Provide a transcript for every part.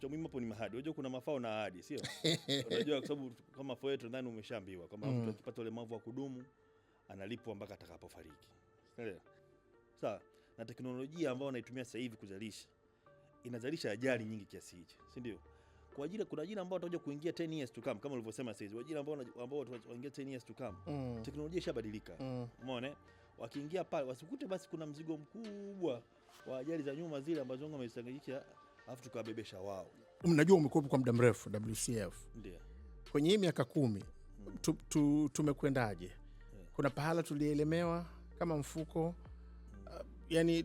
cha muhimu hapo ni mahadi. Unajua kuna mafao na ahadi, sio? Unajua kwa sababu kama mafao yetu ndani umeshaambiwa kwamba mm. mtu mm. akipata ulemavu wa kudumu analipwa mpaka atakapofariki. Sawa. Na teknolojia ambayo wanaitumia sasa hivi kuzalisha inazalisha ajali nyingi kiasi hicho, si ndio? Kwa ajili kuna ajira ambao watakuja kuingia 10 years to come kama ulivyosema sasa hivi. Ajira ambao ambao wataingia 10 years to come. Mm. Teknolojia ishabadilika. Mm. Umeona? Wakiingia pale wasikute basi kuna mzigo mkubwa wa ajali za nyuma zile ambazo wamezisababisha alafu tukawabebesha wao. Mnajua umekuwepo kwa muda mrefu WCF, ndio kwenye hii miaka kumi tu, tu, tumekwendaje? kuna pahala tulielemewa kama mfuko uh, yani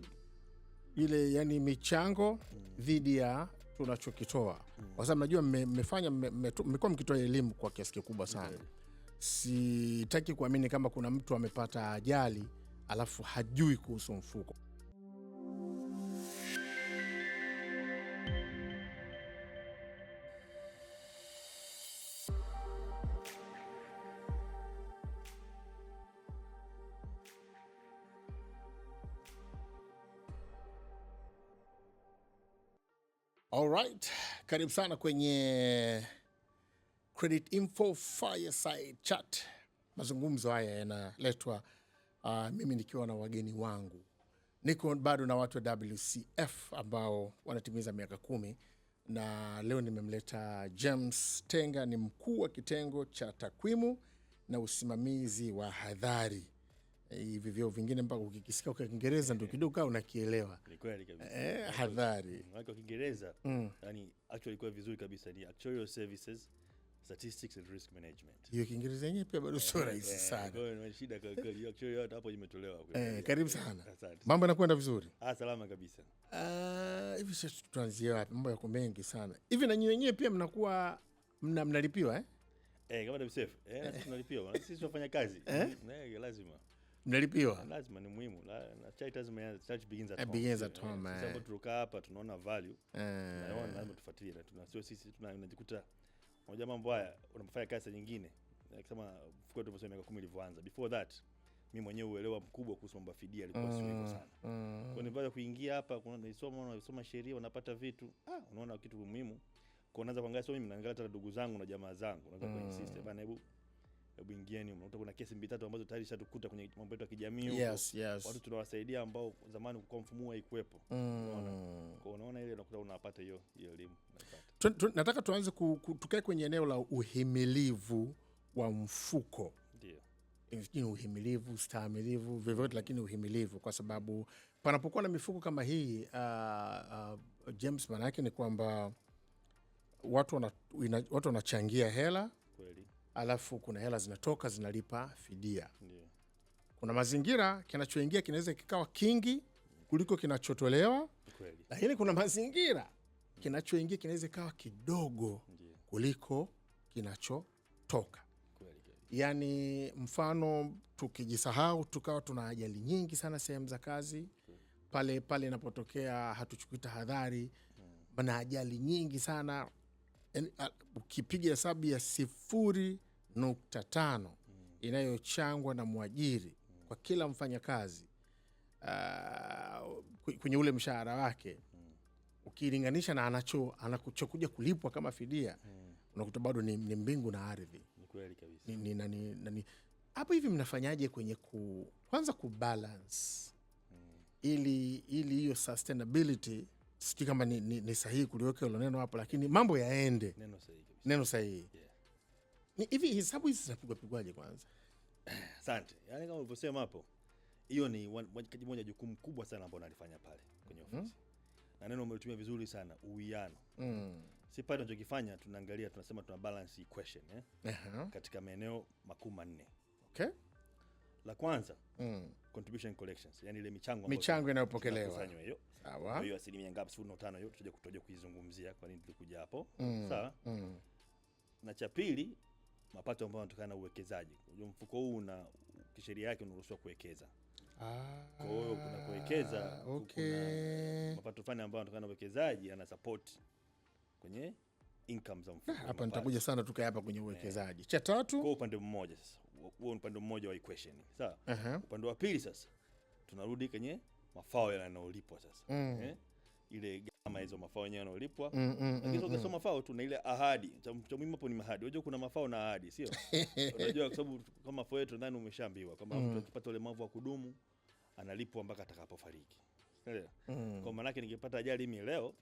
ile yani michango mm. dhidi ya tunachokitoa mm. kwa sababu najua mmefanya mmekuwa mkitoa elimu kwa kiasi kikubwa sana Sitaki kuamini kama kuna mtu amepata ajali alafu hajui kuhusu mfuko. Alright, karibu sana kwenye Credit Info Fireside Chat. Mazungumzo haya yanaletwa uh, mimi nikiwa na wageni wangu, niko bado na watu wa WCF ambao wanatimiza miaka kumi, na leo nimemleta James Tenga, ni mkuu wa kitengo cha takwimu na usimamizi wa hadhari hivi vyeo vingine mpaka ukikisikia kwa Kiingereza ndio eh. kidogo au unakielewa. Ni kweli kabisa. Eh, hadhari. Mm, kwa Kiingereza, mm. yani actually kwa vizuri kabisa ni actuarial services statistics and risk management. Hiyo Kiingereza yenyewe pia bado sio eh, rahisi eh, sana. Kwa hiyo ni shida kwa kweli. Actuarial hata hapo imetolewa. kwa Eh, karibu sana. Mambo yanakwenda vizuri? Ah, salama kabisa. Ah, hivi sasa tuanzie wapi? Mambo yako mengi sana. Hivi na nyinyi wenyewe pia mnakuwa mnalipiwa eh? Eh, kama WCF. Eh, tunalipiwa. Sisi tunafanya kazi. Eh, lazima mnalipiwa lazima ni muhimu na charity lazima charity begins at home begins at home eh sababu turuka hapa tunaona value eh tunaona lazima tufuatilie na tunasio sisi tunajikuta moja mambo haya unamfanya kazi nyingine kama kwa tulivyosema miaka 10 ilivyoanza before that mi mwenyewe uelewa mkubwa kuhusu mambo ya fidia alikuwa mm, siweko sana mm. kwa nipata kuingia hapa kuna naisoma unasoma sheria unapata vitu ah unaona kitu muhimu kwa unaanza kuangalia sio mimi naangalia hata ndugu zangu na jamaa zangu unaweza mm. kuinsist bana hebu Bwingeni unakuta kuna kesi mbili tatu ambazo tayari shatukuta kwenye mambo yetu ya kijamii Yes, yes. Watu tunawasaidia ambao zamani kwa mfumo huo haikuwepo. Mm. Unaona? Kwa unaona ile unakuta unapata hiyo hiyo elimu unapata. Nataka tuanze tukae kwenye eneo la uhimilivu wa mfuko. Ndio. Ni uhimilivu, ustahimilivu, vyovyote lakini uhimilivu kwa sababu panapokuwa na mifuko kama hii uh, uh, James, maana yake ni kwamba watu wanachangia hela kweli alafu kuna hela zinatoka zinalipa fidia yeah. Kuna mazingira kinachoingia kinaweza kikawa kingi kuliko kinachotolewa, lakini kuna mazingira kinachoingia kinaweza kikawa kidogo kuliko kinachotoka yaani, mfano tukijisahau tukawa tuna ajali nyingi sana sehemu za kazi pale pale inapotokea hatuchukui tahadhari hmm. na ajali nyingi sana yaani, ukipiga hesabu ya sifuri nukta tano inayochangwa na mwajiri kwa kila mfanyakazi uh, kwenye ule mshahara wake ukilinganisha na anacho anachokuja kulipwa kama fidia unakuta bado ni, ni mbingu na ardhi. hapo hivi mnafanyaje kwenye ku, kwanza kubalance ili ili hiyo sustainability sijui kama ni, ni, ni sahihi kuliweka hilo neno hapo, lakini mambo yaende neno sahihi, neno sahihi. Yeah ni Hivi hesabu hizi zinapigwa pigwaje kwanza? Asante. Yaani kama ulivyosema hapo, hiyo ni kaji moja jukumu kubwa sana ambao nalifanya pale kwenye mhm. ofisi. Mm Na neno umelitumia vizuri sana, uwiano. Mm. Si pale tunachokifanya tunaangalia tunasema tuna balance equation eh? Uh -huh. Katika maeneo makuu manne. Okay. La kwanza mm. contribution collections, yani ile michango michango inayopokelewa hiyo. Sawa. Hiyo asilimia ngapi? 0.5 hiyo tutaje kutoja kuizungumzia kwa nini tulikuja hapo. Mm. Sawa. Mm. Na cha pili mapato ambayo yanatokana na uwekezaji. Unajua mfuko huu una kisheria yake unaruhusiwa kuwekeza. Ah, kwa hiyo kuna kuwekeza, okay. Kuna mapato fulani ambayo yanatokana na uwekezaji ana support kwenye income za mfuko. Ah, hapa nitakuja sana tukae hapa kwenye uwekezaji. Eh. Cha tatu, kwa upande mmoja sasa. Huo upande mmoja wa equation. Sawa? Uh -huh. Upande wa pili sasa tunarudi kwenye mafao yanayolipwa sasa. Mm. Eh? Ile kama hizo mafao yenyewe yanolipwa mm, mm, mm, lakini mm, ukisoma mm. mafao tu na ile ahadi cha muhimu hapo ni mahadi Unajua kuna mafao na ahadi, sio? Unajua kwa sababu kama mafao yetu ndani umeshaambiwa kwamba mtu mm. akipata ulemavu wa kudumu analipwa mpaka atakapofariki. Unaelewa? Mm. Kwa maana yake nikipata ajali mimi leo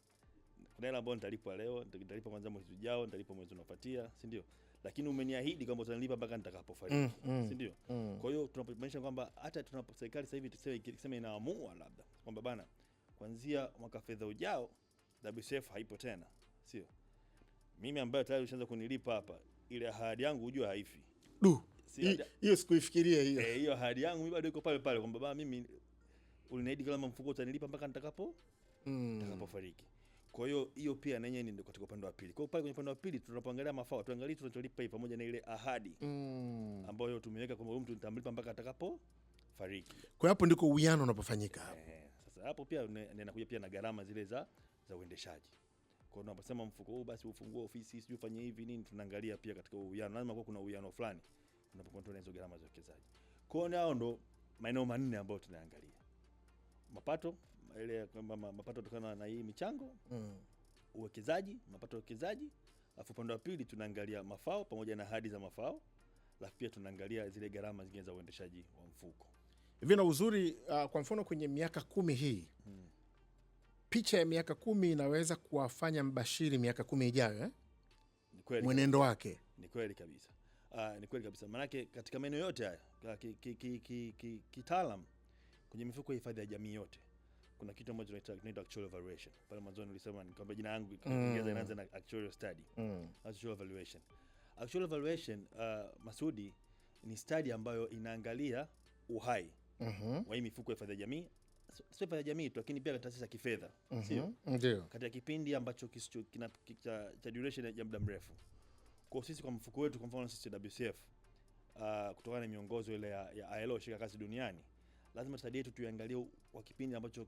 kuna hela ambayo nitalipwa leo, nitalipa kwanza mwezi ujao, nitalipa mwezi unaofuatia, si ndio? Lakini umeniahidi kwamba utanilipa mpaka nitakapofariki, mm, mm, si ndio? Mm. Kwa hiyo tunapomaanisha kwamba hata tunapo serikali sasa hivi tuseme inaamua labda kwamba bana, kuanzia mwaka fedha ujao WCF haipo tena, sio mimi ambaye tayari ushaanza kunilipa hapa, ile ahadi yangu ujue haifi. Du, hiyo sikuifikiria hiyo. Eh, hiyo ahadi yangu mimi bado iko pale pale kwamba baba, mimi uliniahidi kama mfuko utanilipa mpaka nitakapo mm. nitakapofariki. Kwa hiyo hiyo pia na yenyewe ndio katika upande wa pili. Kwa hiyo pale kwenye upande wa pili tunapoangalia mafao, tuangalie tunacholipa pamoja na ile ahadi mm. ambayo tumeweka kwamba mtu nitamlipa mpaka atakapo fariki. Kwa hiyo hapo ndiko uwiano unapofanyika. Eh, sasa hapo pia ninakuja pia na gharama zile za za uendeshaji. Kwa hiyo tunaposema mfuko huu, basi ufungue ofisi, sijui ufanye hivi nini, tunaangalia pia katika uwiano, lazima kuwa kuna uwiano fulani unapokontrol hizo gharama za uwekezaji. Kwa hiyo nao ndo maeneo manne ambayo tunaangalia mapato ile kwamba mapato kutokana na hii michango mm. uwekezaji, mapato ya uwekezaji, alafu upande wa pili tunaangalia mafao pamoja na hadi za mafao, alafu pia tunaangalia zile gharama zingine za uendeshaji wa mfuko hivi na uzuri. Uh, kwa mfano kwenye miaka kumi hii mm picha ya miaka kumi inaweza kuwafanya mbashiri miaka kumi ijayo eh? mwenendo wake ni kweli kabisa. Uh, ni kweli kabisa maanake katika maeneo yote haya kitaalam ki, ki, ki, ki, kwenye mifuko ya hifadhi ya jamii yote kuna kitu ambacho tunaita actuarial valuation. Pale mwanzoni nilisema nikwambia jina yangu Kiingereza mm. inaanza na actuarial study. Mm. Actuarial valuation. Actuarial valuation, uh, ah, Masudi, ni study ambayo inaangalia uhai uh mm-hmm. -huh. wa hii mifuko ya hifadhi ya jamii sio ya jamii tu, lakini pia taasisi za kifedha mhm. Sio ndio, katika kipindi ambacho kisicho kina cha duration ya muda mrefu. Kwa sisi kwa mfuko wetu, kwa mfano sisi WCF, uh, ah, kutokana na miongozo ile ya, ya ILO shika kazi duniani, lazima stadi yetu tuangalie kwa kipindi ambacho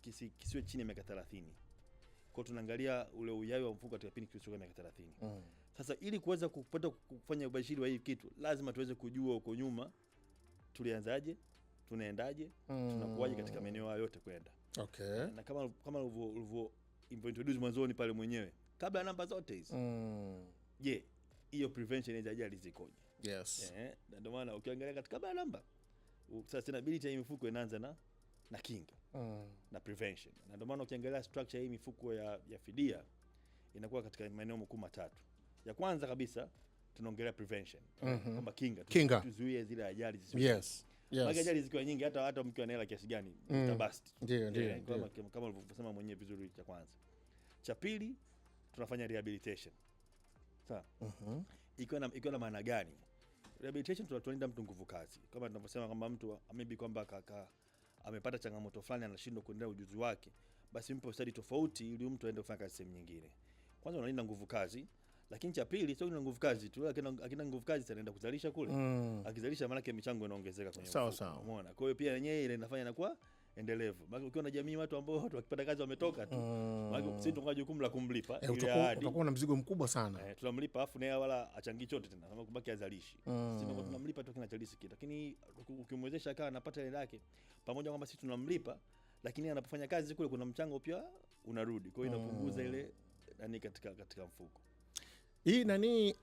kisi, kisiwe chini ya miaka 30. Kwa hiyo tunaangalia ule uyawi wa mfuko katika kipindi kisicho miaka 30. Mm. Sasa ili kuweza kupata kufanya ubashiri wa hii kitu, lazima tuweze kujua uko nyuma tulianzaje tunaendaje, mm. tunakuaje katika maeneo hayo yote kwenda okay. na kama kama ulivyo introduce mwanzoni pale mwenyewe kabla ya namba zote hizi hmm. je, mm. yeah, hiyo prevention ya ajali zikoje? Yes. Yeah, na ndio maana ukiangalia katika kabla ya namba sustainability ya mifuko inaanza na na kinga mm. na prevention, na ndio maana ukiangalia structure hii mifuko ya, ya fidia inakuwa katika maeneo makuu matatu. Ya kwanza kabisa tunaongelea prevention mm -hmm. kwamba kinga, kinga. tuzuie zile ajali zisizo yes yes. zikiwa nyingi hata hata mkiwa na kiasi gani mm. tabasti. Eh, kama ulivyosema mwenyewe vizuri. Cha kwanza, cha pili tunafanya rehabilitation sawa. uh-huh. ikiwa na maana gani rehabilitation? Tunalinda mtu nguvu kazi, kama tunavyosema kwamba mtu maybe kwamba kaka amepata changamoto fulani anashindwa kuendelea ujuzi wake, basi mpe stadi tofauti ili mtu aende kufanya kazi sehemu nyingine. Kwanza unalinda nguvu kazi lakini cha pili sio nguvu kazi tu, akina nguvu kazi anaenda kuzalisha kule mm. Akizalisha maana yake michango inaongezeka kwenye sawa sawa, umeona. Kwa hiyo pia yenyewe ile inafanya inakuwa endelevu, maana ukiwa na jamii watu ambao watu wakipata kazi wametoka tu mm. maana sisi tunakuwa jukumu la kumlipa e, ile ahadi, utakuwa na mzigo mkubwa sana e, tunamlipa afu naye wala achangii chote tena, kama kubaki azalishi mm. sisi tunakuwa tunamlipa tu chalisi kitu, lakini ukimwezesha akawa anapata ile yake, pamoja kwamba sisi tunamlipa lakini anapofanya kazi kule kuna mchango pia unarudi, kwa hiyo mm. inapunguza mm. ile nani katika, katika mfuko hii nani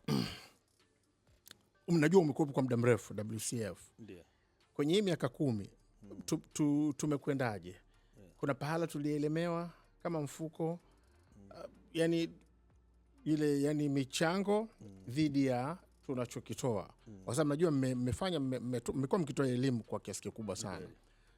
mnajua umekuwepo kwa muda mrefu WCF. Ndiyo. Kwenye hii miaka kumi hmm. tu, tu, tumekwendaje? Yeah. Kuna pahala tulielemewa kama mfuko hmm. uh, yani ile yani michango hmm. dhidi hmm. ya tunachokitoa hmm. kwa sababu najua mmefanya mmekuwa mkitoa elimu kwa kiasi kikubwa sana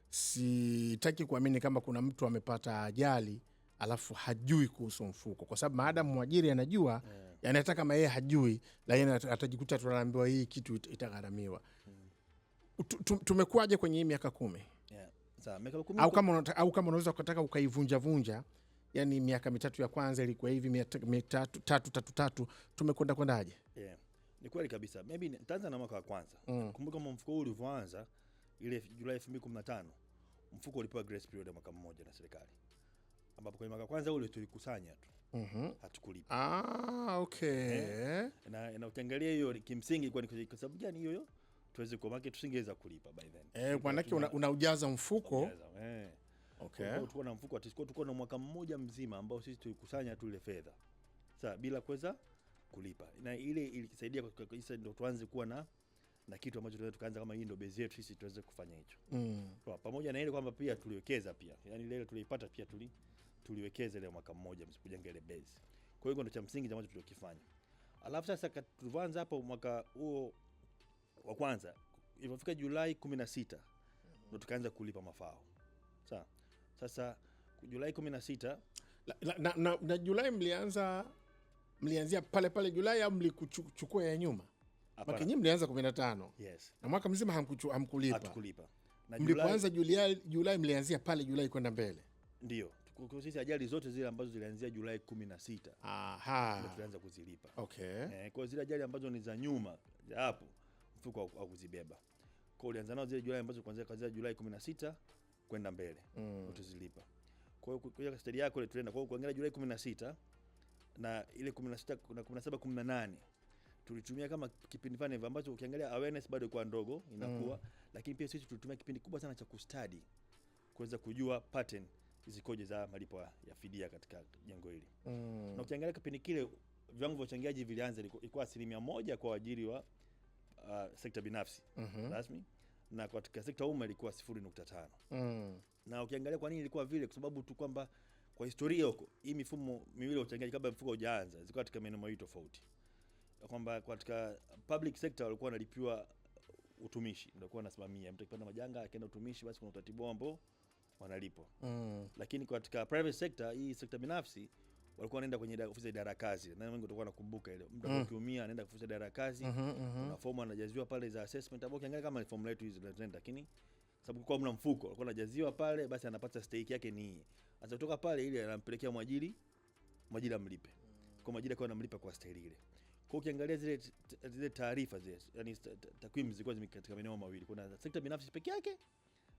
Sitaki kuamini kama kuna mtu amepata ajali alafu hajui kuhusu mfuko, kwa sababu maadamu mwajiri anajua yeah yani hata kama yeye hajui, lakini atajikuta tunaambiwa hii kitu itagharamiwa. Hmm. Tumekuwaje kwenye hii miaka kumi? Yeah. Sawa, kumi au kama unaweza ukataka ukaivunja vunja yani miaka mitatu ya kwanza ilikuwa hivi, mitatu tatu tatu tatu, tumekwenda kwendaje? Yeah. Ni kweli kabisa. Maybe nitaanza na mwaka wa kwanza. Mm. Kumbuka mfuko huu ulivyoanza ile Julai elfu 2015, mfuko ulipewa grace period ya mwaka mmoja na serikali, ambapo kwenye mwaka wa kwanza ule tulikusanya tu Mm-hmm. hatukulipa. Ah, okay. Eh? na, na hiyo kimsingi kwa sababu gani hiyo tuweze kwa tusingeweza kulipa by then. Eh, unaujaza una Unaujaza, eh. Okay. na mfuko tulikuwa na mwaka mmoja mzima ambao sisi tulikusanya tu ile fedha. Sasa bila kuweza kulipa. Na ile ilikisaidia kabisa ndio tuanze kuwa na na kitu ambacho tunaweza tukaanza kama hii ndio base yetu sisi tuweze kufanya hicho. Mm. Kwa pamoja na ile kwamba pia tuliwekeza pia. Yaani ile tuliipata pia tuli tuliwekeza ile mwaka mmoja msipojenga ile base. Kwa hiyo ndio cha msingi ambacho tuliokifanya. Alafu sasa tulivyoanza hapo mwaka huo wa kwanza ilipofika Julai 16 ndio tukaanza kulipa mafao. Sawa. Sasa Julai 16 na, na, na, na Julai mlianza mlianzia pale pale Julai au mlikuchukua ya nyuma? Maka nyinyi mlianza 15. Yes. Na mwaka mzima hamkuchu, hamkulipa. Hatukulipa. Na Julai mlipoanza Julai, Julai mlianzia pale Julai kwenda mbele. Ndio hizi ajali zote zile ambazo zilianzia Julai kumi na sita tulianza kuzilipa. Okay. Eh, kwa zile ajali ambazo ni za nyuma za hapo mfuko kuzibeba Kwa ulianza nao zile Julai ambazo kuanzia kuanzia Julai kumi na sita kwenda mbele mm. utazilipa. Kwa hiyo kwa kastadi yako ile tulienda kwa hiyo kuangalia Julai kumi na sita na ile 16 na 17 18 tulitumia kama kipindi fulani hivyo ambacho ukiangalia awareness bado kwa ndogo inakuwa mm. Lakini pia sisi tulitumia kipindi kubwa sana cha kustadi kuweza kujua pattern zikoje za malipo ya fidia katika jengo hili mm. Na ukiangalia kipindi kile viwango vya uchangiaji vilianza ilikuwa asilimia moja kwa waajiri wa uh, sekta binafsi mm -hmm. rasmi na katika sekta umma ilikuwa 0.5 mm. Na ukiangalia kwa nini ilikuwa vile, kwa sababu tu kwamba kwa historia huko hii mifumo miwili ya uchangiaji kabla mfuko hujaanza zilikuwa katika maeneo mawili tofauti, kwamba katika public sector walikuwa wanalipiwa utumishi, ndio kwa nasimamia mtu akipanda majanga akienda utumishi, basi kuna utaratibu ambao wanalipwa mm. Lakini katika private sector, hii sekta binafsi walikuwa wanaenda kwenye ofisi ya idara kazi, na wengi watakuwa nakumbuka ile mtu mm. akiumia mm. anaenda ofisi ya idara kazi mm -hmm, mm -hmm. Kuna fomu anajaziwa pale za assessment, ambao ukiangalia kama fomu letu hizi tunatenda, lakini sababu kwa mna mfuko alikuwa anajaziwa pale, basi anapata stake yake ni hii. Sasa kutoka pale ile anampelekea mwajiri, mwajiri amlipe kwa mwajiri, kwa anamlipa kwa staili ile. Kwa ukiangalia zile zile taarifa zile, yani takwimu zilikuwa zimekatika maeneo mawili, kuna sekta binafsi peke yake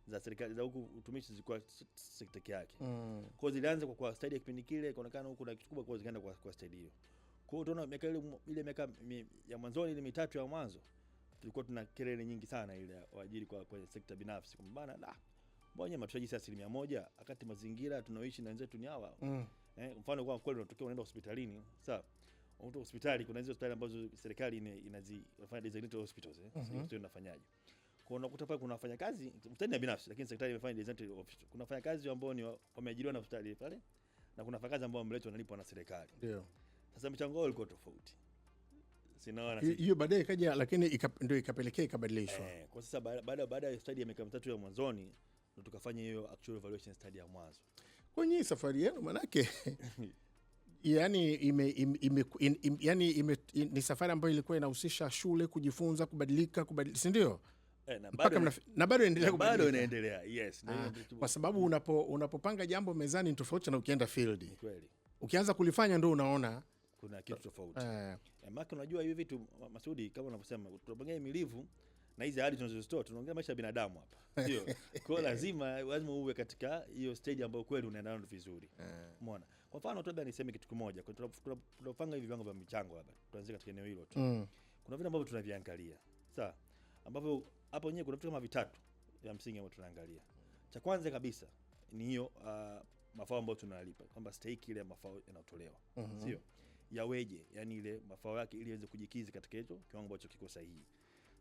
za serikali za huku utumishi zilikuwa sekta yake. Mm. Kwa zilianza kwa kwa stadi ya kipindi kile kuonekana huko na kitu kubwa kwa zikaenda kwa kwa stadi hiyo. Kwa hiyo utaona miaka ile ile miaka ya mwanzo ile mitatu ya mwanzo tulikuwa tuna kelele nyingi sana ile waajiri kwa kwa sekta binafsi kwa bana la mbona matuaji sasa asilimia moja wakati mazingira tunaoishi na wenzetu ni hawa. Mm. Eh, mfano kwa kweli unatokea unaenda hospitalini sawa hospitali kuna hizo hospitali ambazo serikali inazifanya designated hospitals eh. Mm -hmm. Sio unafanyaje kwa unakuta pale kuna wafanyakazi, hospitali ya binafsi lakini sekretari imefanya design office. Kuna wafanyakazi ambao ni wameajiriwa na hospitali pale na kuna wafanyakazi ambao wameletwa wanalipwa na serikali. Ndio. Sasa mchango wao ulikuwa tofauti. Sinaona hiyo baadaye ikaja lakini ndio ikapelekea ikabadilishwa. Eh, kwa sasa baada baada ya study ya miaka mitatu ya mwanzoni ndio tukafanya hiyo actual evaluation study ya mwanzo. Kwenye safari yenu manake yaani yani ime, ime, ime, in, ime, yani ime, in, ni safari ambayo ilikuwa inahusisha shule kujifunza, kubadilika, kubadilika, si ndio? E, na bado mnafi... inaendelea inaendelea, yes, ah, kwa sababu unapo unapopanga jambo mezani ni tofauti na ukienda field. Kweli. Ukianza kulifanya ndo unaona kuna kitu tofauti. Eh. eh maana unajua hivi vitu Masudi, kama unavyosema tunapongea milivu na hizi hali tunazozitoa tunaongea maisha ya binadamu hapa, sio? Kwa lazima lazima uwe katika hiyo stage ambayo kweli unaenda nalo vizuri. Eh. Umeona? Kwa mfano tu labda niseme kitu kimoja, tunapanga hivi viwango vya michango hapa, tuanze katika eneo hilo tu. mm. Kuna vitu ambavyo tunaviangalia. Sawa? Ambavyo hapo nyewe kuna vitu kama vitatu vya msingi ambavyo tunaangalia. Cha kwanza kabisa ni hiyo uh, mafao ambayo tunalipa kwamba stake ile mafao yanayotolewa mm -hmm. sio yaweje, yani ile mafao yake ili iweze kujikizi katika hicho kiwango ambacho kiko sahihi.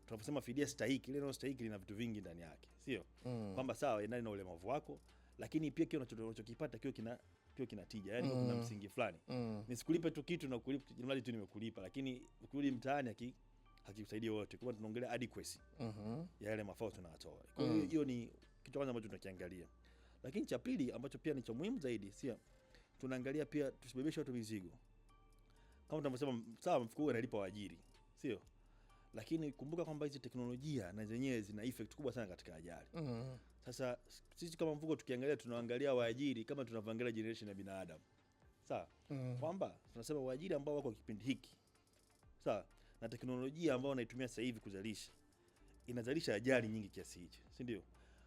Tunaposema fidia stahiki, ile neno stahiki lina vitu vingi ndani yake, sio mm. kwamba sawa endani na ulemavu wako, lakini pia kile unachokipata kio kina kio kina tija, yani mm. kuna msingi fulani mm. nisikulipe tu kitu na kulipa mradi tu nimekulipa, lakini ukirudi mtaani hakikusaidia wote, kwa tunaongelea adequacy uh -huh. ya yale mafao tunayatoa. Kwa hiyo mm. hiyo ni kitu kwanza ambacho tunakiangalia, lakini cha pili ambacho pia ni cha muhimu zaidi, sio tunaangalia pia tusibebeshe watu mizigo kama tunavyosema, sawa, mfuko analipa waajiri, sio lakini kumbuka kwamba hizi teknolojia na zenyewe zina effect kubwa sana katika ajali. mm -hmm. Sasa sisi kama mfuko tukiangalia, tunaangalia waajiri kama tunavyoangalia generation ya binadamu sawa. mm -hmm. kwamba tunasema waajiri ambao wako kipindi hiki sawa, na teknolojia ambayo wanaitumia sasa hivi kuzalisha inazalisha ajali nyingi kiasi hicho, si ndio?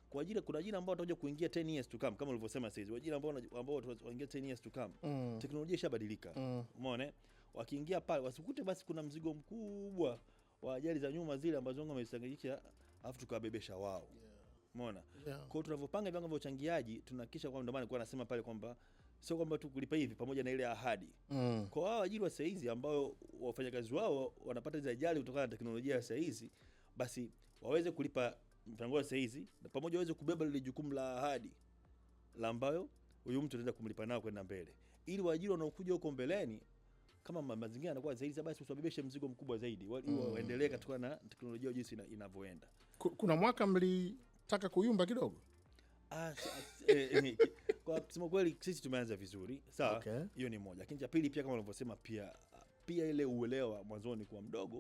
Kwa ajili kuna ajira ambao watakuja kuingia 10 years to come kama ulivyosema sasa hivi, ajira ambao ambao wataingia 10 years to come mm. teknolojia ishabadilika mm. umeona, eh? wakiingia pale wasikute basi kuna mzigo mkubwa wa ajali za nyuma zile ambazo wao wamezisangisha afu tukawabebesha wao, umeona yeah. yeah. kwa hiyo tunavyopanga viwango vya uchangiaji tunahakikisha kwamba, ndio maana kwa nasema pale kwamba sio kwamba tu kulipa hivi pamoja na ile ahadi mm. Kwa wao ajili wa saizi ambao wafanyakazi wao wanapata zajali ajali kutokana na teknolojia ya saizi, basi waweze kulipa mpango wa saizi na pamoja waweze kubeba lile jukumu la ahadi la ambayo huyu mtu anaweza kumlipa nao kwenda mbele, ili waajiri wanaokuja huko mbeleni kama mazingira yanakuwa zaidi basi usababishe mzigo mkubwa zaidi wali mm. waendelee na teknolojia jinsi inavyoenda. Kuna mwaka mlitaka kuyumba kidogo Ah, ah, eh, eh, kwa kusema kweli sisi tumeanza vizuri sawa, hiyo okay. Ni moja lakini cha pili pia kama ulivyosema pia pia ile uelewa mwanzoni kuwa mdogo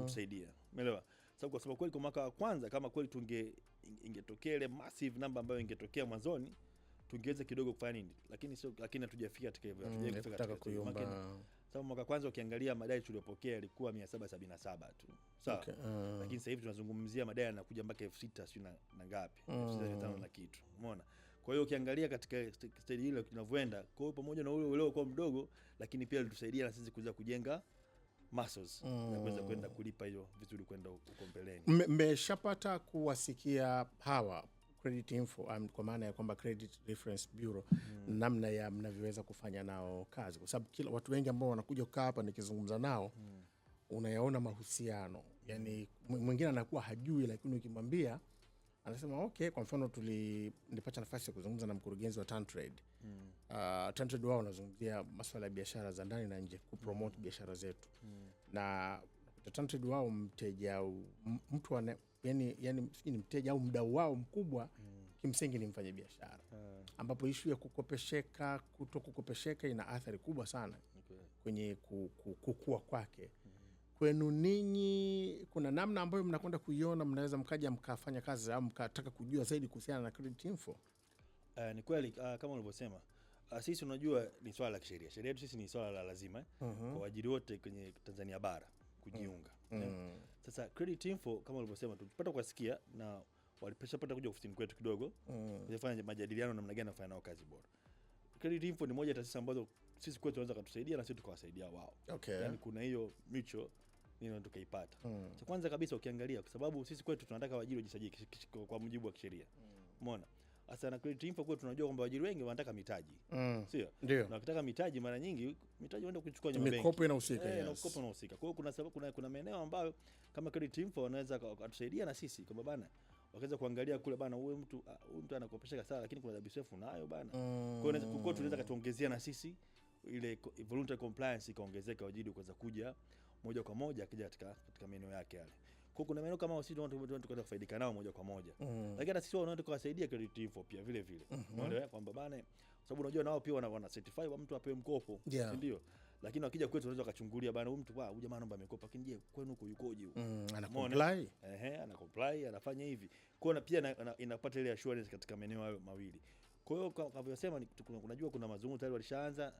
utusaidia mm. Umeelewa sababu kwa sababu kweli kwa mwaka wa kwanza kama kweli tunge ingetokea ile massive namba ambayo ingetokea mwanzoni tungeweza kidogo kufanya nini, lakini sio, lakini hatujafika katika hivyo, hatujafika mm, katika sababu mwaka kwanza ukiangalia madai tuliopokea yalikuwa 777 tu sawa okay. uh. lakini sasa hivi tunazungumzia madai yanakuja mpaka elfu sita sijui na, ngapi mm. elfu sita tano na kitu umeona kwa hiyo ukiangalia katika stedi hilo tunavyoenda kwa hiyo pamoja na ule uliokuwa mdogo lakini pia litusaidia na sisi kuweza kujenga muscles mm. na kuweza kwenda kulipa hiyo vizuri kwenda huko mbeleni mmeshapata kuwasikia hawa credit info um, kwa maana ya kwamba credit reference bureau mm. namna ya mnavyoweza kufanya nao kazi, kwa sababu kila watu wengi ambao wanakuja kukaa hapa nikizungumza nao mm. unayaona mahusiano yani, mwingine anakuwa hajui, lakini ukimwambia anasema okay. Kwa mfano tuli nilipata nafasi ya kuzungumza na mkurugenzi wa Tantrade mm. uh, Tantrade wao wanazungumzia masuala ya biashara za ndani na nje promote mm. biashara zetu mm. na Tantrade wao mteja mtu yani, yani ni mteja au mdau wao mkubwa mm. kimsingi ni mfanya biashara mm. Ah. ambapo ishu ya kukopesheka kuto kukopesheka ina athari kubwa sana okay. kwenye kukua kwake mm. kwenu ninyi kuna namna ambayo mnakwenda kuiona mnaweza mkaja mkafanya kazi au mkataka kujua zaidi kuhusiana na credit info uh, ni kweli uh, kama ulivyosema uh, sisi unajua ni swala la kisheria sheria yetu sisi ni swala la lazima eh, uh -huh. kwa wajiri wote kwenye tanzania bara kujiunga uh -huh Mm. Sasa credit info kama ulivyosema tupata kuwasikia na walipeshapata kuja ofisini kwetu kidogo mm. kufanya majadiliano namna gani nafanya nao kazi bora. Credit info ni moja ya taasisi ambazo sisi kwetu tunaweza katusaidia na sisi tukawasaidia wao. Okay. Yani kuna hiyo micho nino tukaipata mm. cha kwanza kabisa ukiangalia, kwa sababu sisi kwetu tunataka waajiri wajisajili kwa mujibu wa kisheria, mm. umeona Asana Credit Info kwa tunajua kwamba wajiri wengi wanataka mitaji. Mm. Sio? Ndio. Na wakitaka mitaji mara nyingi mitaji wenda kuchukua nyuma benki. Mikopo inahusika. Eh, yes. Mikopo inahusika. Kwa hiyo kuna sababu kuna kuna maeneo ambayo kama Credit Info wanaweza kutusaidia na sisi kwamba bana wakaweza kuangalia kule bana, huyu mtu ah, huyu mtu anakopesha sana lakini kuna WSF nayo bana. Mm. Kwa hiyo kwa tunaweza katuongezea na sisi ile voluntary compliance ikaongezeka, wajiri kuweza kuja moja kwa moja akija katika katika maeneo yake yale. Kwa kuna maeneo kama sisi tunataka tukaweza kufaidika nao moja kwa moja. mm. Lakini hata sisi wanaotaka tukawasaidia credit info pia vile vile. Mhm. Unaelewa mm-hmm. kwamba bana, sababu unajua nao pia wana wana certify wa mtu apewe mkopo, si ndio? Lakini wakija kwetu unaweza kuchungulia bana, huyu mtu huyu jamaa naomba mikopo, lakini je, kwenu huko yukoje mm, Ana comply. Ehe, ana comply, anafanya hivi. Kwa na pia inapata ile assurance katika maeneo hayo mawili. Kwa hiyo kama unavyosema, unajua kuna mazungumzo tayari walishaanza,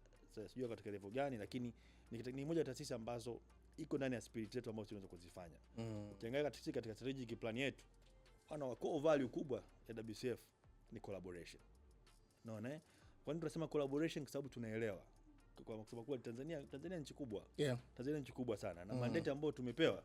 sijui katika level gani, lakini ni moja ya taasisi ambazo iko ndani ya spirit yetu ambayo tunaweza kuzifanya. Mm. Ukiangalia katika katika strategic plan yetu, pana core value kubwa ya WCF ni collaboration. Unaona eh? Kwa nini tunasema collaboration? Kwa sababu tunaelewa kwa kusema kuwa Tanzania Tanzania nchi kubwa. Yeah. Tanzania nchi kubwa sana na mm. mandate ambayo tumepewa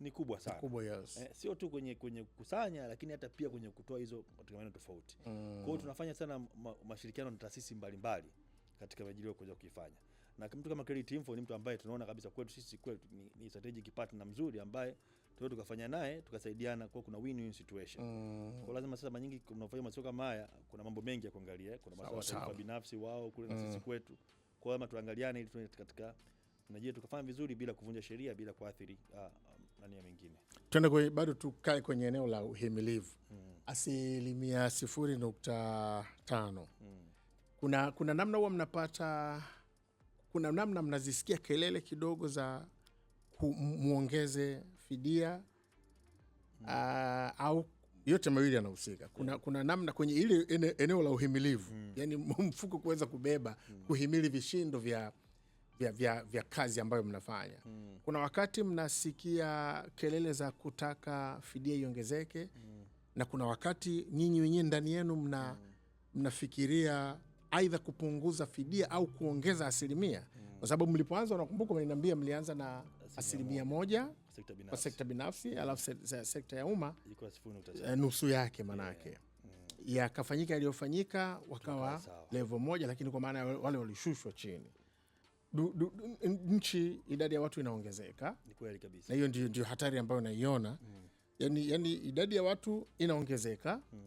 ni kubwa sana. Kubwa, yes. Eh, sio tu kwenye kwenye kukusanya lakini hata pia kwenye kutoa hizo katika maeneo tofauti. Mm. Kwa hiyo tunafanya sana ma, mashirikiano na taasisi mbalimbali katika majiliwa kuja kuifanya na mtu kama Credit Info ni mtu ambaye tunaona kabisa kwetu sisi kwetu ni, ni strategic partner mzuri ambaye tuwe tukafanya naye tukasaidiana, kwa kuna win-win situation mm. Kwa lazima sasa, mara nyingi tunafanya masoko kama haya, kuna mambo mengi ya kuangalia, kuna masuala ya binafsi wao kule na mm. sisi kwetu, kwa hiyo tuangaliane ili tuende katika naje tukafanya vizuri bila kuvunja sheria bila kuathiri uh, nani ya mengine. Twende kwa bado tukae kwenye eneo la uhimilivu mm. asilimia 0.5. mm. kuna, kuna namna huwa mnapata kuna namna mnazisikia kelele kidogo za muongeze fidia mm. uh, au yote mawili yanahusika. Kuna, yeah. kuna namna kwenye ili ene, eneo la uhimilivu mm. yani mfuko kuweza kubeba mm. kuhimili vishindo vya, vya, vya, vya kazi ambayo mnafanya mm. kuna wakati mnasikia kelele za kutaka fidia iongezeke mm. na kuna wakati nyinyi wenyewe ndani yenu mna, mm. mnafikiria aidha kupunguza fidia au kuongeza asilimia mm. Kwa sababu mlipoanza, unakumbuka, mliniambia mlianza na asilimia moja kwa sekta binafsi, alafu sekta ya umma eh, nusu yake manake yeah mm. yakafanyika yaliyofanyika, wakawa level moja, lakini kwa maana wale walishushwa chini. du, du, nchi idadi ya watu inaongezeka, na hiyo ndio hatari ambayo naiona mm. Yani, yani idadi ya watu inaongezeka mm.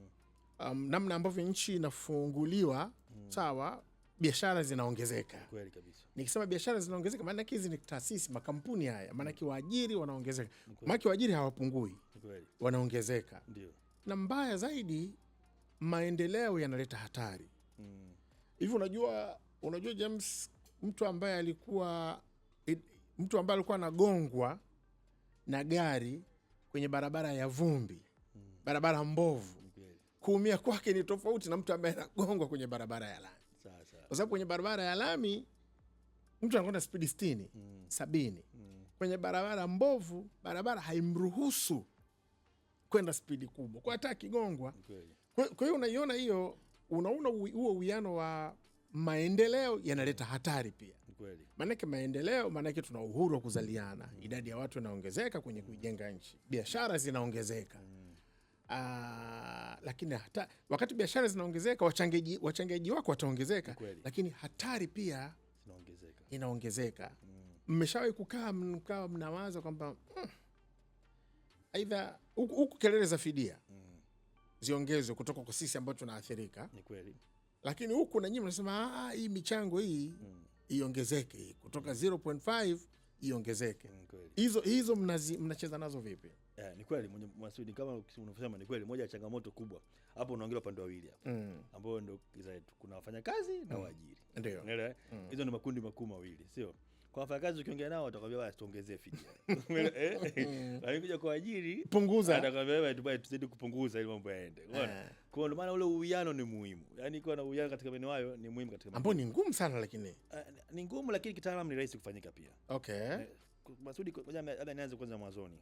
um, namna ambavyo nchi inafunguliwa sawa, biashara zinaongezeka. Kweli kabisa. Nikisema biashara zinaongezeka, maana hizi ni taasisi, makampuni haya, maana waajiri wanaongezeka, maana waajiri hawapungui, wanaongezeka. Ndio. Na mbaya zaidi maendeleo yanaleta hatari mm. hivi. Mm. Unajua, unajua James, mtu ambaye alikuwa eh, mtu ambaye alikuwa anagongwa na gari kwenye barabara ya vumbi, mm, barabara mbovu kuumia kwake ni tofauti na mtu ambaye anagongwa kwenye barabara ya lami, kwa sababu kwenye barabara ya lami mtu anakwenda spidi sitini mm. sabini mm. kwenye barabara mbovu, barabara haimruhusu kwenda spidi kubwa, kwa hata akigongwa. Kwa hiyo unaiona hiyo, unaona huo uwiano wa maendeleo yanaleta hatari pia, maanake maendeleo, maanake tuna uhuru wa kuzaliana, idadi ya watu inaongezeka kwenye kuijenga nchi, biashara zinaongezeka mm. Ah, lakini hata wakati biashara zinaongezeka wachangiaji wachangiaji wako wataongezeka, lakini hatari pia inaongezeka. Mm. Mmeshawahi mm. kukaa mkawa mnawaza kwamba mm, huku kelele za fidia mm. ziongezwe kutoka kwa sisi ambao tunaathirika, lakini huku na nyinyi mnasema ah, ah, hii michango hii mm. iongezeke kutoka mm. 0.5 iongezeke. Hizo hizo mnacheza nazo vipi? Eh, ni kweli Masudi, kama unavyosema ni kweli, moja ya changamoto kubwa hapo unaongelea upande wawili William mm. ambayo ndio zaidi kuna wafanyakazi na mm. waajiri ndio unaelewa mm. hizo ni makundi makuu mawili, sio kwa wafanyakazi ukiongea nao watakwambia basi tuongezee fidia, lakini kuja kwa ajiri punguza, atakwambia basi tubaya tuzidi kupunguza ili mambo yaende. Unaona, eh. kwa ndio maana ule uwiano ni muhimu, yani kuwa na uwiano katika maeneo hayo ni muhimu katika ambao ni ngumu sana, lakini uh, ni ngumu, lakini kitaalamu ni rahisi kufanyika pia. Okay, eh, Masudi, labda nianze kwanza mwanzoni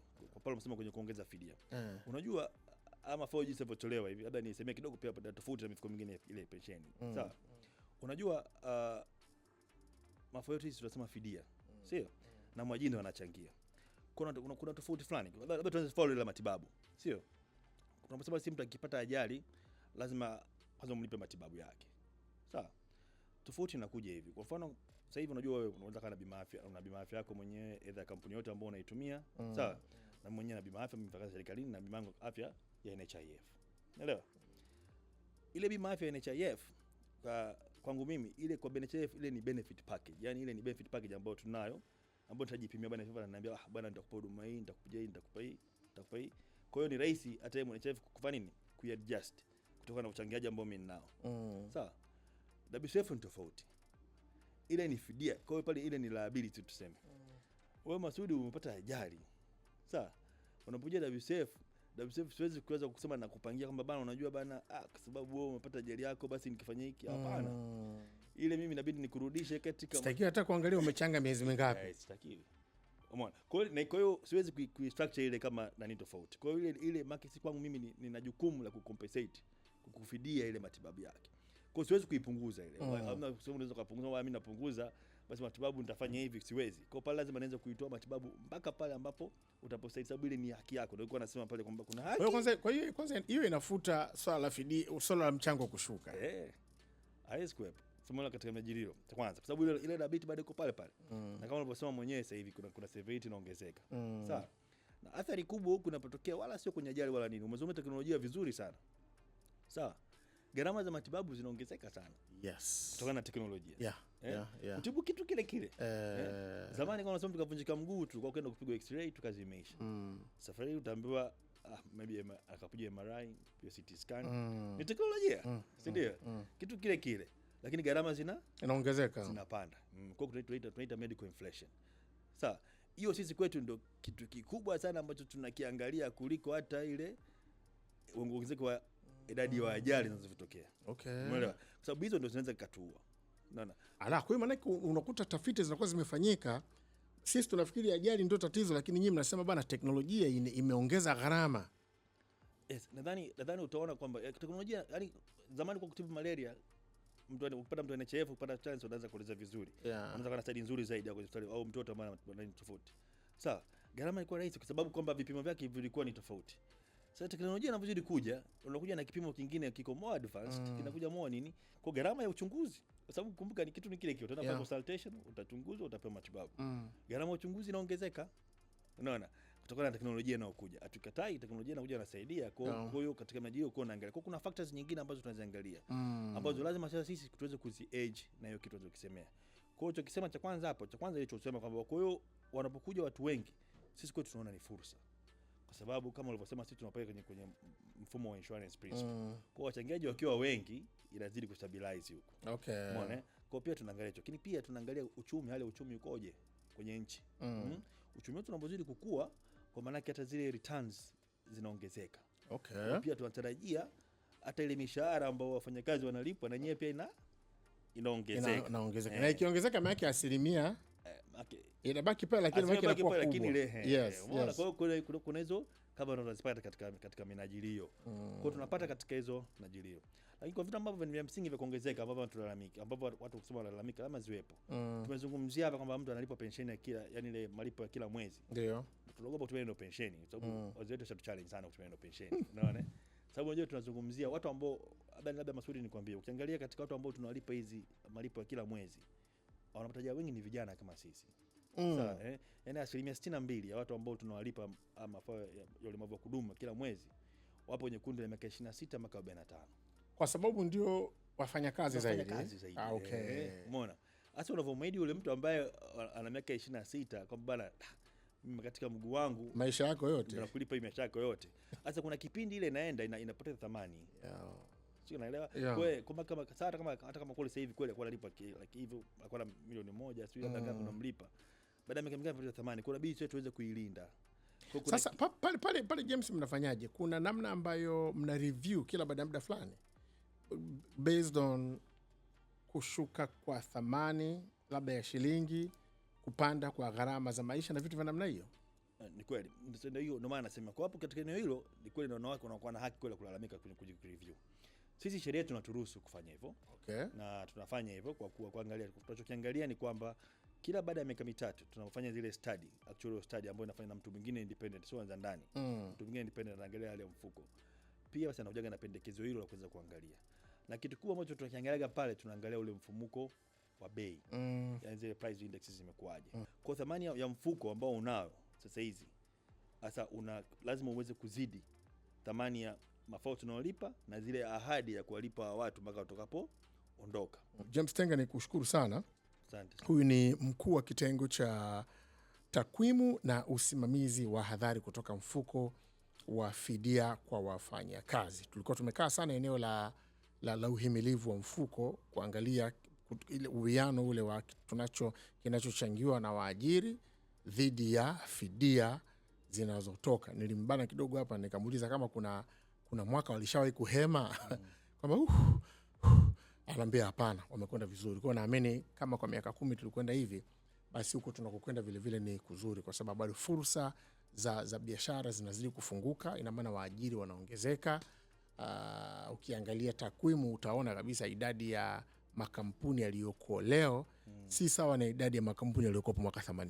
pale umesema kwenye kuongeza fidia mm. Unajua ama jinsi zilivyotolewa hivi, labda nisemee kidogo pia tofauti na mifuko mingine ile pensheni mm. Sawa mm. Unajua uh, mafao yetu sisi tunasema fidia mm. sio mm. na mwajini wanachangia. Kuna, kuna, kuna tofauti fulani, labda tuanze faulu la matibabu, sio tunaposema si mtu akipata ajali lazima kwanza mlipe matibabu yake, sawa. Tofauti inakuja hivi, kwa mfano sasa hivi unajua wewe unaweza kana bima afya, una bima afya yako mwenyewe, aidha kampuni yote ambayo unaitumia, mm. sawa mm na mwenyewe na bima afya mtaka serikalini na bima afya ya NHIF. Unaelewa? Ile bima afya ya NHIF kwa kwangu mimi ile kwa NHIF ile ni benefit package. Yaani ile ni benefit package ambayo tunayo ambayo tutajipimia bwana hivyo ananiambia ah, bwana nitakupa huduma hii, nitakupa hii, nitakupa hii, nitakupa hii. Kwa hiyo ni rahisi hata yeye NHIF kufanya nini? Kuadjust kutokana na uchangiaji ambao mimi ninao. Mm. Sawa? WCF ni tofauti. Ile ni fidia. Kwa hiyo pale ile ni liability tuseme. Mm. Wewe Masudi umepata ajali Sawa. Unapokuja WCF, WCF siwezi kuweza kusema na kupangia kwamba bana, unajua bana, ah, kwa sababu wewe umepata ajali yako basi nikifanya hiki. Hapana. Mm. Ile mimi inabidi nikurudishe katika Sitakiwi hata kuangalia umechanga miezi mingapi. yeah, sitakiwi. Umeona? Kwa hiyo na kwa hiyo siwezi kuistructure ile kama nani tofauti. Kwa hiyo ile ile market kwangu mimi ni, nina jukumu la kucompensate, kukufidia ile matibabu yake. Kwa hiyo siwezi kuipunguza ile. Mm. Hamna kusema unaweza kupunguza, mimi napunguza basi matibabu nitafanya hivi, siwezi. Kwa pale lazima nianze kuitoa matibabu mpaka pale ambapo utapostahili, sababu ile ni haki yako. Ndio kwa nasema pale kwamba kuna haki. Kwanza kwa hiyo kwanza hiyo inafuta swala la fidi swala la mchango kushuka, eh, haiwezi kuwepo tumeona katika majilio kwanza, kwa sababu ile ile dabiti bado iko pale pale mm. na kama unaposema mwenyewe sasa hivi kuna kuna severity inaongezeka mm. sawa na athari kubwa huku inapotokea, wala sio kwenye ajali wala nini. Umezoea teknolojia vizuri sana sawa, gharama za matibabu zinaongezeka sana yes, kutokana na teknolojia yeah eh? kitu kile kile eh. eh. Zamani kwa nasema tukavunjika mguu tu kwa kwenda kupigwa x-ray tukazimeisha. mm. Safari hii utaambiwa ah, maybe akapiga MRI, pia CT scan. mm. Ni teknolojia mm. si ndio? mm. Kitu kile kile lakini gharama zina inaongezeka zinapanda. mm. Kwa tunaita tunaita medical inflation. sasa hiyo sisi kwetu ndio kitu kikubwa sana ambacho tunakiangalia kuliko hata ile ongezeko wa idadi ya hmm. ajali zinazotokea. Okay. Umeelewa? Kwa sababu hizo ndio zinaweza kukatua Unaona? Ala, kwa hiyo maana unakuta tafiti zinakuwa zimefanyika. Sisi tunafikiri ajali ndio tatizo, lakini nyinyi mnasema bana, teknolojia imeongeza gharama. Yes, nadhani nadhani utaona kwamba eh, teknolojia yani, zamani kwa kutibu malaria mtu ukipata mtu NHIF ukipata chance unaweza kueleza vizuri. Yeah. Unaweza kuwa study nzuri zaidi ya hospitali au mtoto maana nani tofauti. Sawa, gharama ilikuwa rahisi kwa sababu kwamba vipimo vyake vilikuwa ni tofauti. Sasa teknolojia inavyozidi kuja, unakuja na kipimo kingine kiko more advanced, mm. kinakuja more nini? Kwa gharama ya uchunguzi kwa sababu kumbuka ni kitu ni kile kile, utaenda yeah. consultation, utachunguzwa, utapewa matibabu mm. gharama ya uchunguzi inaongezeka, unaona, kutokana na teknolojia inayokuja. Hatukatai teknolojia inakuja inasaidia, kwa hiyo no. katika maji hiyo kwa unaangalia kwa kuna factors nyingine ambazo tunaziangalia mm. ambazo lazima sasa sisi tuweze kuzi age na hiyo kitu tunachokisemea. Kwa hiyo tukisema cha kwanza hapo, cha kwanza hicho tusema kwamba kwa hiyo wanapokuja watu wengi, sisi kwetu tunaona ni fursa kwa sababu kama ulivyosema, sisi tunapaka kwenye, kwenye mfumo wa insurance principle mm. kwa wachangiaji wakiwa wengi inazidi kustabilize huko. Okay. Umeona? Eh? Kwa pia tunaangalia hicho. Lakini pia tunaangalia uchumi, hali uchumi ukoje kwenye nchi. Mm. Mm. Uchumi wetu unapozidi kukua kwa maana hata zile returns zinaongezeka. Okay. Kwa pia tunatarajia hata ile mishahara ambayo wafanyakazi wanalipwa na yenyewe pia ina inaongezeka. Inaongezeka. Eh. Na ikiongezeka maana yake asilimia eh, inabaki pale lakini maana inakuwa kubwa. Lakini ile eh, yes, yes. Kwa hiyo kuna hizo kama unazipata katika katika minajilio. Mm. Kwa tunapata katika hizo minajilio. Lakini kwa vitu ambavyo vya msingi vya kuongezeka ambavyo tunalalamika, ambavyo watu kusema wanalalamika lazima ziwepo. Mm. Tumezungumzia hapa kwamba mtu analipwa pensheni ya kila, yani ile malipo ya kila mwezi. Ndio. Tunaogopa kutumia neno pensheni kwa sababu mm. wazee wetu shatu challenge sana kutumia neno pensheni. Unaona? Sababu wenyewe tunazungumzia watu ambao labda labda Masudi kwambie ukiangalia katika watu ambao tunawalipa hizi malipo ya kila mwezi wanapotaja wengi ni vijana kama sisi. Mm. Sawa, eh? Yaani asilimia sitini na mbili ya watu ambao tunawalipa ah, mafao ya ulemavu wa kudumu kila mwezi wapo kwenye kundi la miaka 26 mpaka 45 kwa sababu ndio wafanyakazi zaidi. Eh? Eh. Ah, okay. Umeona hasa unavyomwahidi yule mtu ambaye uh, ana miaka ishirini na sita kwamba bana katika mguu wangu maisha yako yote nakulipa maisha yako yote. Sasa kuna kipindi ile inaenda ina, inapoteza thamani yeah. Unaelewa yeah. Kama kama hata kama hata kama kule sasa hivi kweli akwala lipa like hivyo akwala milioni moja sio hata kama unamlipa baada ya miaka mingapi inapoteza thamani, kuna bidii yetu tuweze kuilinda. Sasa pale pale pale James, mnafanyaje? Kuna namna ambayo mna review kila baada ya muda fulani based on kushuka kwa thamani labda ya shilingi, kupanda kwa gharama za maisha na vitu vya namna hiyo. Eh, ni kweli, ndio hiyo, ndio maana nasema kwa hapo, katika eneo hilo ni kweli, wanawake wanakuwa na haki kweli kulalamika kwenye review. Sisi sheria tunaturuhusu kufanya hivyo okay. Na tunafanya hivyo kwa kuwa kuangalia, tunachokiangalia ni kwamba kila baada ya miaka mitatu tunafanya zile study, actual study ambayo inafanywa na mtu mwingine independent, sio za ndani mm. Mtu mwingine independent anaangalia hali ya mfuko pia, basi anakuja na pendekezo hilo la kuweza kuangalia na kitu kubwa ambacho tunakiangaliaga pale, tunaangalia ule mfumuko wa bei mm. yani zile price index zimekuaje mm. kwa thamani ya mfuko ambao unayo sasa hizi sasa una lazima uweze kuzidi thamani ya mafao tunayolipa na zile ahadi ya kuwalipa watu mpaka watokapo ondoka. James Tenga, ni kushukuru sana. Asante. Huyu ni mkuu wa kitengo cha takwimu na usimamizi wa hadhari kutoka mfuko wa fidia kwa wafanyakazi. Tulikuwa tumekaa sana eneo la la, la uhimilivu wa mfuko kuangalia ile uwiano ule wa tunacho kinachochangiwa na waajiri dhidi ya fidia zinazotoka. Nilimbana kidogo hapa nikamuuliza kama kuna, kuna mwaka walishawahi kuhema mm. kwamba uh, uh, anaambia hapana, wamekwenda vizuri kwao. Naamini kama kwa miaka kumi tulikwenda hivi, basi huko tunakokwenda vilevile ni kuzuri, kwa sababu bado fursa za, za biashara zinazidi kufunguka, ina maana waajiri wanaongezeka uh, ukiangalia takwimu utaona kabisa idadi ya makampuni yaliyoko leo mm. si sawa na idadi ya makampuni yaliyokuwepo mwaka 80.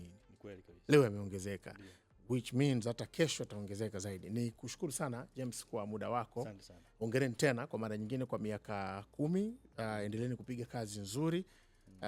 Leo yameongezeka yeah. which means hata kesho ataongezeka zaidi. Ni kushukuru sana James kwa muda wako, ongereni tena kwa mara nyingine kwa miaka kumi. Uh, hmm. endeleeni kupiga kazi nzuri hmm. Uh,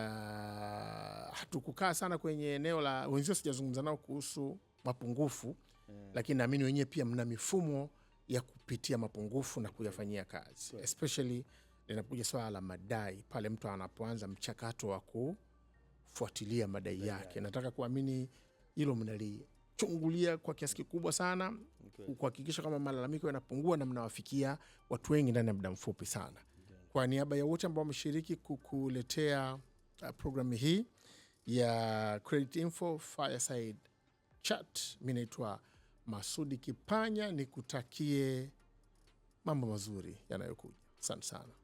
hatukukaa sana kwenye eneo la wenzio, sijazungumza nao kuhusu mapungufu yeah, lakini naamini wenyewe pia mna mifumo ya kupitia mapungufu na kuyafanyia kazi yeah. Especially linapokuja swala la madai, pale mtu anapoanza mchakato wa kufuatilia madai yake Nataka kuamini hilo mnalichungulia kwa kiasi kikubwa sana okay. Kuhakikisha kama malalamiko yanapungua na mnawafikia watu wengi ndani ya muda mfupi sana Kwa niaba ya wote ambao wameshiriki kukuletea uh, programu hii ya Credit Info Fireside Chat, mi naitwa Masudi Kipanya, nikutakie mambo mazuri yanayokuja. Asante sana.